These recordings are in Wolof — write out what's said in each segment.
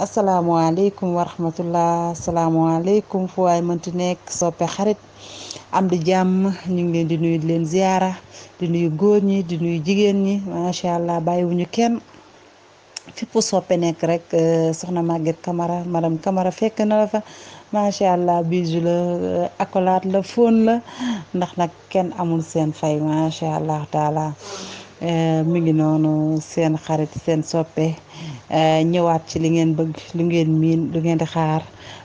asalaamaaleykum wa rahmatullah asalaamaaleykum fu waay mënti nekk soppe xarit am di jàmm ñu ngi leen di nuyu leen ziyaara di nuyu góor ñi di nuyu jigéen ñi macha allah bàyyiwuñu kenn pu soppe nekk rek euh, soxna Maguette Camara madame Camara fekk na la fa macha allah bisu la euh, accolade la fóon la ndax nag kenn amul seen fay macha allah taala euh, mu ngi noonu seen xarit seen soppe. Eh, ñëwaat ci li ngeen bëgg lu ngeen miin lu ngeen di xaar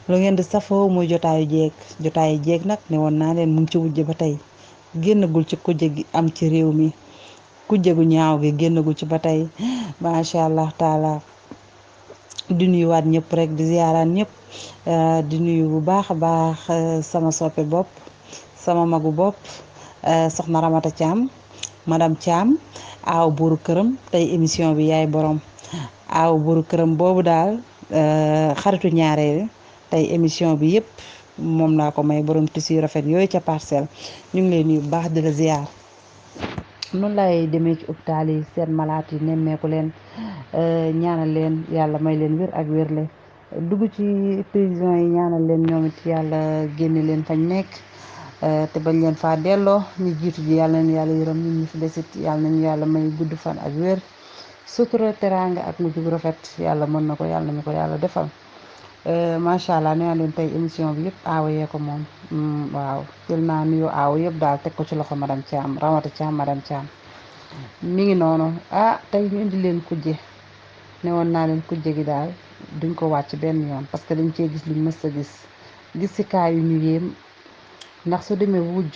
lu ngeen di safoo muy jotaayu jeeg jotaayu jeeg nag ne woon naa leen mu ci wujj ba tey génnagul ci kujje gi am ci réew mi kujje gu ñaaw gi génnagul ci ba tey macha allah taala di nuyuwaat ñëpp rek di ziyaaraan ñëpp eh, di nuyu bu baax a baax eh, sama soppe bopp sama magu bopp soxna Ramata Thiam madame Thiam aw buuru këram tey émission bi yaay boroom aaw buru këram boobu daal euh, xaritu ñaareel tey émission bi yëpp moom laa ko may borom tissu rafet yooyu ca parcelle ñu ngi lay nuyu bu baax di la noonu lay demee ci hôpital yi seen malaat yi nemmeeku leen euh, ñaanal leen yàlla may leen wér ak wér le dugg ci prison yi ñaanal leen ñoom it yàlla génne leen fañ nekk euh, te bañ leen faa delloo ñu jiitu ji yàlla nañu yàlla yërëm ñun ñu fi yàlla nañu yàlla may gudd fan ak wér. sutura teraanga ak mu jug rafet yàlla mën na ko yàlla nañu ko yàlla defal euh, macha allah nee naa leen tey émission bi yëpp aawa yee ko moom mm, waaw jël naa nuyoo aawa yëpp daal teg ko ci loxo madame Thiam rawata Thiam madame Thiam mi ngi noonu ah tey ñu indi leen kujje ne woon naa leen kujje gi daal duñ ko wàcc benn yoon parce que dañ cee gis luñ mës sa gis gis si kaa yu ñu yéem ndax su demee wujj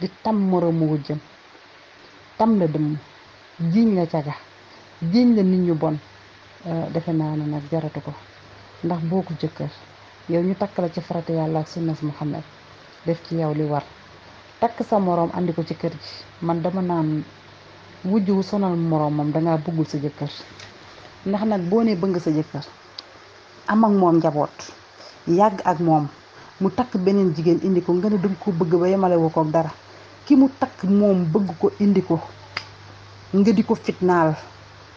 di tam moromu wujjam tam la dëmm jiñ la caga jiiñ la nit ñu bon euh, defe naa ne nag jaratu ko ndax boo ko jëkkër yow ñu takk la ci farata yàlla ak sunnas Muhammad def ci yow li war takk sa moroom àndi ko ci kër gi man dama naan wujj wu moroom moroomam dangaa bëggul sa jëkkër ndax nag boo ne bëgg sa jëkkër am ak moom njaboot yàgg ak moom mu takk beneen jigéen indi ko nga ne danga ko bëgg ba yemale woo ko dara ki mu takk moom bëgg ko indi ko nga di ko fitnaal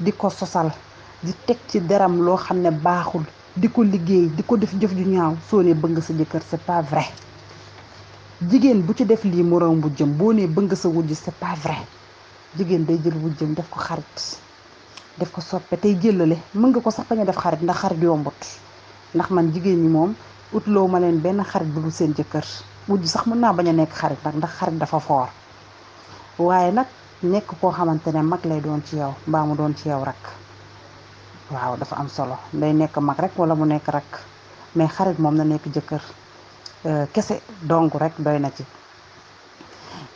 di ko sosal di teg ci deram loo xam ne baaxul di ko liggéey di ko def jëf ju ñaaw soo ne bëgg sa jëkkër c'est pas vrai jigéen bu ci def lii moroom bu jëm boo ne bëgg sa wujj c'est pas vrai jigéen day jël jëm def ko xarit def ko soppe tey jëlale mën nga ko sax bañ a def xarit ndax xarit yombut ndax man jigéen ñi moom utloo ma leen benn xarit bu seen jëkkër wujj sax mën naa bañ a nekk xarit nag ndax xarit dafa foor waaye nag nekk koo xamante ne mag lay doon ci yow mbaa mu doon ci yow rak waaw dafa am solo day nekk mag rek wala mu nekk rak mais xarit moom na nekk jëkkër euh, kese dong rek doy na ci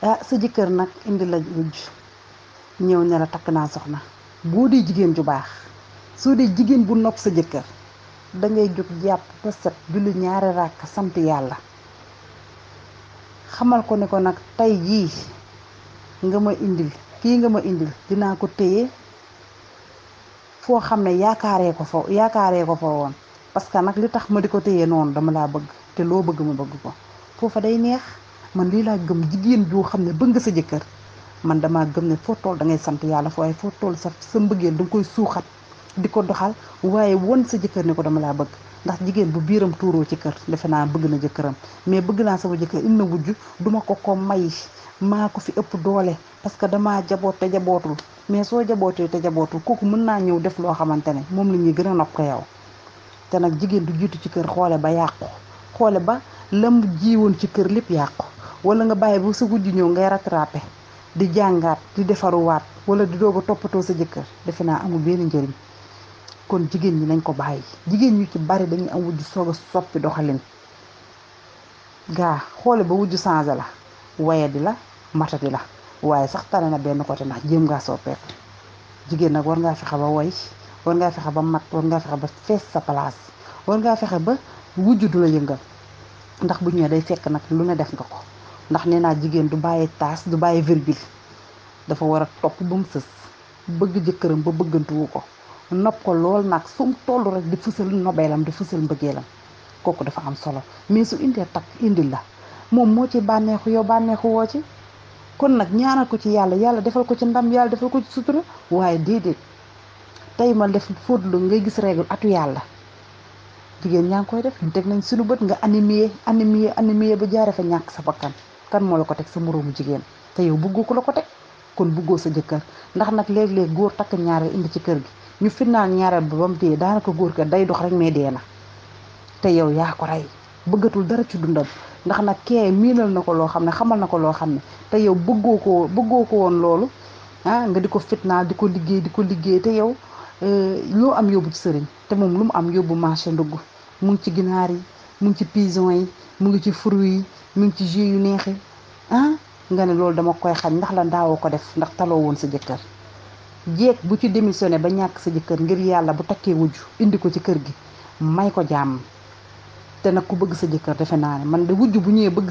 ah, sa jëkkër nag indi la wujj ñëw ne la takk naa soxna boo dee jigéen ju baax soo dee jigéen bu nopp sa jëkkër da ngay jóg jàpp ba set julli ñaari ràkk sant yàlla xamal ko ne ko nag tey jii nga ma indil kii nga ma indil dinaa ko téye foo xam ne yaakaaree ko fa yaakaaree ko fa woon parce que nag li tax ma di ko téye noonu dama laa bëgg te loo bëgg ma bëgg ko foofa day neex man lii laa gëm jigéen joo xam ne bëgg nga sa jëkkër man damaa gëm ne foo tool da ngay sant yàlla waaye foo tool sa sa mbëggeel da koy suuxat di ko doxal waaye woon sa jëkkër ne ko dama laa bëgg ndax jigéen bu biiram tuuroo ci kër defe naa bëgg na jëkkëram mais bëgg naa sama jëkkër inna wujj duma ko ko may maa ko fi ëpp doole parce que damaa jaboot te jabootul mais soo jabootee te jabootul kooku mën naa ñëw def loo xamante ne moom la ñuy gën a nopp yow te nag jigéen du jiitu ci kër xoole ba yàqu xoole ba lam jiwoon ci kër lépp yàqu wala nga bàyyi bu sa wujj ñëw ngay rattrapé di jàngaat di defaruwaat wala di doog a toppatoo sa jëkkër defe naa amul benn njëriñ kon jigéen ñi nañ ko bàyyi jigéen ñu ci bari dañuy am wujj soog soppi doxalin gaa xoole ba wujj changé la woye di la matati la waaye sax tane na benn côté ndax jéem ngaa soppeeku jigéen nag war ngaa fexe ba woy war ngaa fexe ba mat war ngaa fexe ba fees sa palaas war ngaa fexe ba wujj du la yëngal ndax bu ñëwee day fekk nag lu ne def nga ko ndax nee naa jigéen du bàyyi taas du bàyyi virgule dafa war a topp ba mu sës bëgg jëkkëram ba bëggantuwu ko nopp ko lool nag fu mu toll rek di fësal nobeelam di fësal mbëggeelam kooku dafa am solo mais su indee takk indil la moom moo ci bànneexu yow bànneexu woo ci kon nag ñaanal ko ci yàlla yàlla defal ko ci ndam yàlla defal ko ci sutura waaye déedéet tey ma def fóotlu ngay gis règle atu yàlla jigéen ñaa koy def teg nañ suñu bët nga animé animé animé ba jaare fa ñàkk sa bakkan kan moo la ko teg sa moroomu jigéen te yow bëggu ko la ko teg kon buggoo sa jëkkër ndax nag léeg-léeg góor takk ñaareel indi ci kër gi ñu fitnaal ñaareel ba ba mu téye daanaka góor ga day dox rek mais dee na te yow yaa ko rey bëggatul dara ci dundam ndax nag kee miinal na ko loo xam ne xamal na ko loo xam ne te yow bëggoo ko bëggoo ko woon loolu ah nga di ko fitnaal di ko liggéey di ko liggéey te yow euh, loo am yóbbu ci sëriñ te moom lu mu am yóbbu marché ndugg mu ngi ci ginaar yi mu ngi ci pigeon yi mu ngi ci fruit yi mu ngi ci jus yu neexi ah nga ne loolu dama koy xam ndax la ndaawoo ko def ndax taloo woon sa jëkkër jeeg bu ci démissionné ba ñàkk sa jëkkër ngir yàlla bu takkee wujj indi ko ci kër gi may ko jàmm te nag ku bëgg sa jëkkër defe naa ne man de wujj bu ñëwee bëgg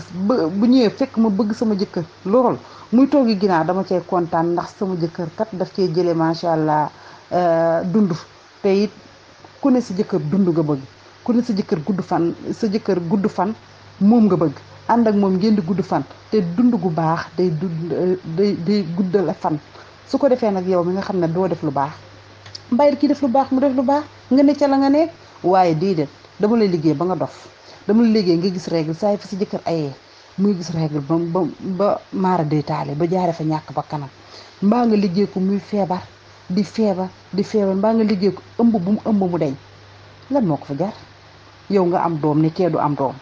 bu ñëwee fekk ma bëgg sama jëkkër lool muy toogi ginnaaw dama cee kontaan ndax sama jëkkër kat daf cee jëlee macha allah euh, dund te it ku ne sa jëkkër dund nga bëgg ku ne sa jëkkër gudd fan sa jëkkër gudd fan moom nga bëgg ànd ak moom ngeen di gudd fan te dund gu baax day dund euh, day day guddal fan su ko defee nag yow mi nga xam ne doo def lu baax bàyyil kii def lu baax mu def lu baax nga ne ca la nga nekk waaye dii déedéet dama lay liggéey ba nga dof dama lay liggéey nga gis règle saa si jëkkër ayee muy gis règle ba ba ba maara day taale ba jaare fa ñàkk ba kanam mbaa nga liggéey ko muy feebar di feebar di feebar mbaa nga liggéey ko ëmb bu mu ëmb mu deñ lan moo ko fa jar yow nga am doom ne kee du am doom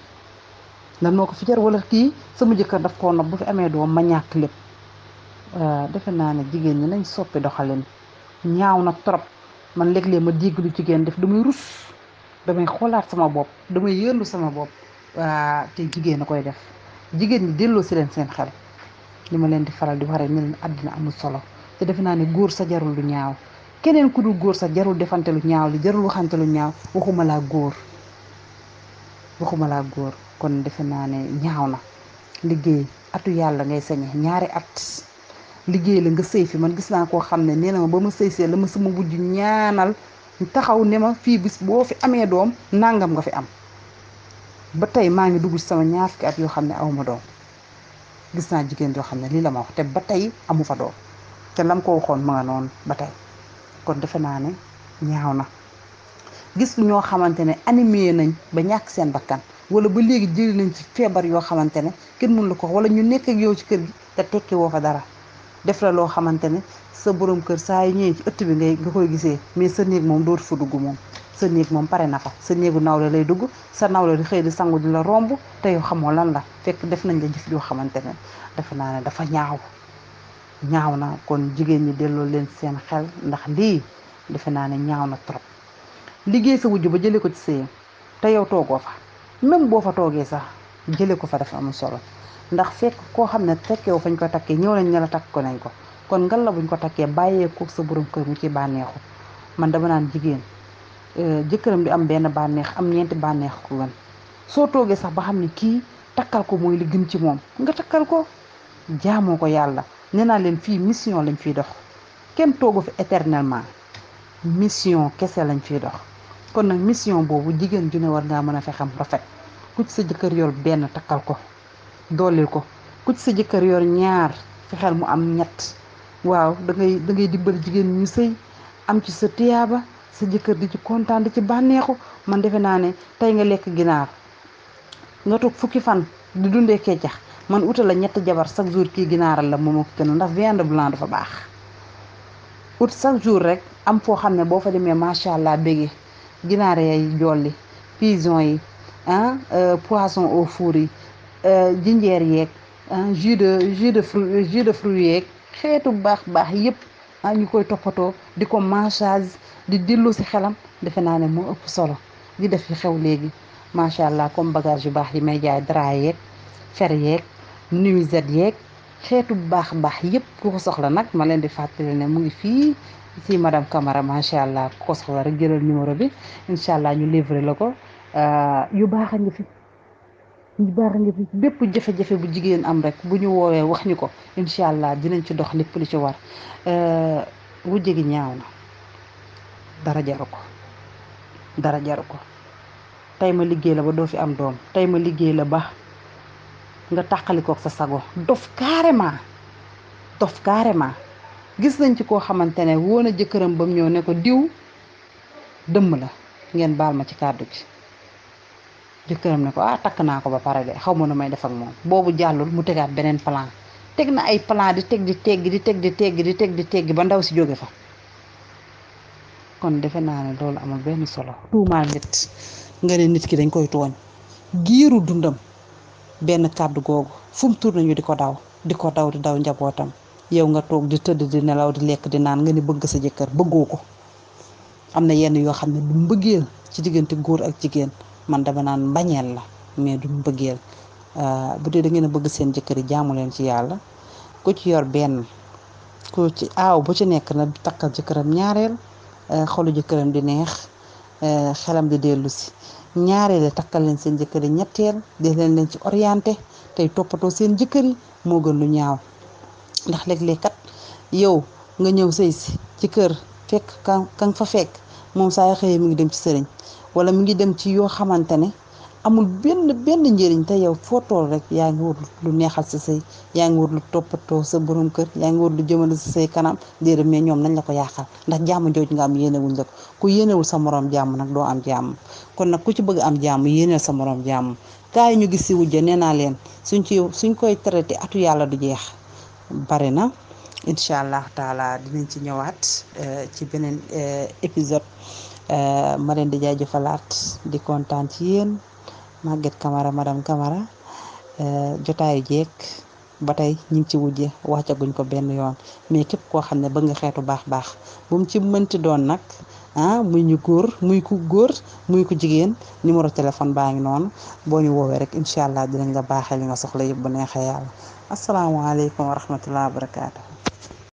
lan noo ko fi jar wala kii sama jëkkër daf koo nopp bu fi amee doom ma ñàkk lépp Euh, defe naa ne jigéen ñi nañ soppi doxalin ñaaw na trop man léeg-léeg ma dégg lu jigéen def damay rus damay xoolaat sama bopp damay yëndu sama bopp te jigéen a koy def jigéen ñi delloo si leen seen xel li ma leen di faral di wax rek ne leen amul solo te defe naa ne góor sa jarul lu ñaaw keneen ku dul góor sa jarul defante lu ñaaw li jarul waxante lu ñaaw waxuma laa góor waxuma laa góor kon defe naa ne ñaaw na liggéey atu yàlla ngay sañe ñaari at liggéey la nga sëy fi man gis naa koo xam ne nee na ma ba ma sëy see la ma sama wujj ñaanal taxaw ne ma fii bis boo fi amee doom nangam nga fi am ba tey maa ngi dugg sama ñaar fukki at yoo xam ne aw doom gis naa jigéen joo xam ne lii la ma wax te ba tey amu fa doom te lam ko waxoon ma ba tey kon defe naa ne ñaaw na gis ñoo xamante ne animé nañ ba ñàkk seen bakkan wala ba léegi jëli nañ ci feebar yoo xamante ne kenn mun la ko wala ñu nekk yow ci kër gi te tekki woo fa dara def la loo xamante ne sa borom kër saa yu ñëwee ëtt bi ngay nga koy gisee mais sa néeg moom dootu fa dugg moom sa néeg moom pare na ko sa néegu nawle lay dugg sa nawle di xëy di sangu di la romb te yow xamoo lan la fekk def nañ la jëf joo xamante ne defe naa ne dafa ñaaw ñaaw na kon jigéen ñi delloo leen seen xel ndax lii defe naa ne ñaaw na trop liggéey sa wujj ba jëlee ko ci sëy te yow toogoo fa même boo fa toogee sax jëlee ko fa dafa amul solo ndax fekk koo xam ne tekkewu fañ ko takkee ñëw nañ ne la takk ko nañ ko kon ngal la buñ ko takkee bàyyee ko sa borom kër mu ci bànneexu man dama naan jigéen euh, jëkkëram di am benn bànneex am ñeenti bànneex ko gën soo toogee sax ba xam ne kii takkal ko mooy li gën ci moom nga takkal ko jaamoo ko yàlla nee naa leen fii mission lañ fiy dox kenn toogu fi éternellement mission kese lañ fiy dox kon nag mission boobu jigéen ju ne war ngaa mën a fexam rafet ku ci sa jëkkër yool benn takkal ko dooleel ko ku ci sa jëkkër yor ñaar fexeel mu am ñett waaw dangay ngay da ngay jigéen ñu sëy am ci sa tiyaaba sa jëkkër di ci kontaan di ci bànneexu man defe naa ne tey nga lekk ginaar nga toog fukki fan di dundee keccax man uta la ñetti jabar chaque jour kii ginaaral la moom ak kenn ndax viande blanc dafa baax ut chaque jour rek am foo xam ne boo fa demee macha allah bége ginaar yay jolli pigeon yi ah euh, poisson au four yi Euh, jinjeer yeeg ah, jus de jus de fruit jus de xeetu baax baax yépp ah ñu koy toppatoo di ko massage di dillu si xelam defe naa ne mu ëpp solo di def fi xew léegi macha allah comme bagage yu baax yi may jaay dra yeeg fer yeeg nuisette yeeg xeetu baax baax yépp ku ko soxla nag ma leen di fàttali ne mu ngi fii si madame Camara macha allah ku ko soxla rek jëlal numéro bi incha allah ñu livré la ko euh, yu baax a ngi fi. baara nga fi bépp jafe-jafe bu jigéen am rek bu ñu woowee wax ñu ko incha allah dinañ ci dox lépp lu ci war euh, wu gi ñaaw na dara jaru ko dara jaru ko tey ma liggéey la ba doo fi am doom tey ma liggéey la ba nga tàqalikook sa sago dof carrément dof carrément gis nañ ci koo xamante ne woon jëkkëram bam mu ñëw ne ko diw dëmm la ngeen baal ma ci kàddu ki jëkkëram ne ko ah takk naa ko ba pare de xaw ma nu may def ak moom boobu jàllul mu tegaat beneen plan teg na ay plan di teg di teggi di teg teggi di teg di teggi ba ndaw si jóge fa kon defe naa ne loolu amul benn solo tuumaal nit nga ne nit ki dañ koy tooñ giiru dundam benn kàddu googu fu mu tur nañu di ko daw di ko daw di daw njabootam yow nga toog di tëdd di nelaw di lekk di naan nga ni bëgg sa jëkkër bëggoo ko am na yenn yoo xam ne du mbëggeel ci diggante góor ak jigéen man dama naan mbañeel la mais du mbëggeel euh, bu dee da ngeen a bëgg seen jëkkër yi jaamu leen ci yàlla ku ci yor benn ku ci aaw bu ci nekk na takkal jëkkëram ñaareel euh, xolu jëkkëram di neex euh, xelam di dellu si ñaareel takkal leen seen jëkkër ñetteel di leen leen ci orienté tey toppatoo seen jëkkër moo gën lu ñaaw ndax léeg-léeg kat yow nga ñëw sëy si ci kër fekk ka fa fekk moom saay yoo xëyee mi ngi dem ci sëriñ wala mu ngi dem ci yoo xamante ne amul benn benn njëriñ te yow foo tool rek yaa ngi wut lu neexal sa sëy yaa ngi wut lu toppatoo sa borom kër yaa ngi wut lu jëmale sa sëy kanam déedéet mais ñoom nañ la ko yaaxal ndax jàmm jooju nga am yéenewuñ la ku yéenewul sa moroom jàmm nag doo am jàmm kon nag ku ci bëgg am jàmm yéeneel sa morom jàmm gaa yi ñu gis si wujje nee naa leen suñ ci suñ koy traité atu yàlla du jeex bare na incha allah taala dinañ ci ñëwaat eh, ci beneen eh, épisode Eh, ma leen di jaajëfalaat di kontaan ci yéen Maguette Camara madame Camara eh, jotaayu jeeg ba tey ñu ngi ci wujje wàccaguñ ko benn yoon mais képp koo xam ne bëgg nga xeetu baax baax bu mu ci mënti doon nag ah muy ñu góor muy ku góor muy ku jigéen numéro téléphone baa ngi noonu boo ñu woowee rek incha allah dinañ la baaxee li nga soxla yëpp bu neexee yàlla asalaamaaleykum wa rahmatulah wa barakaatu.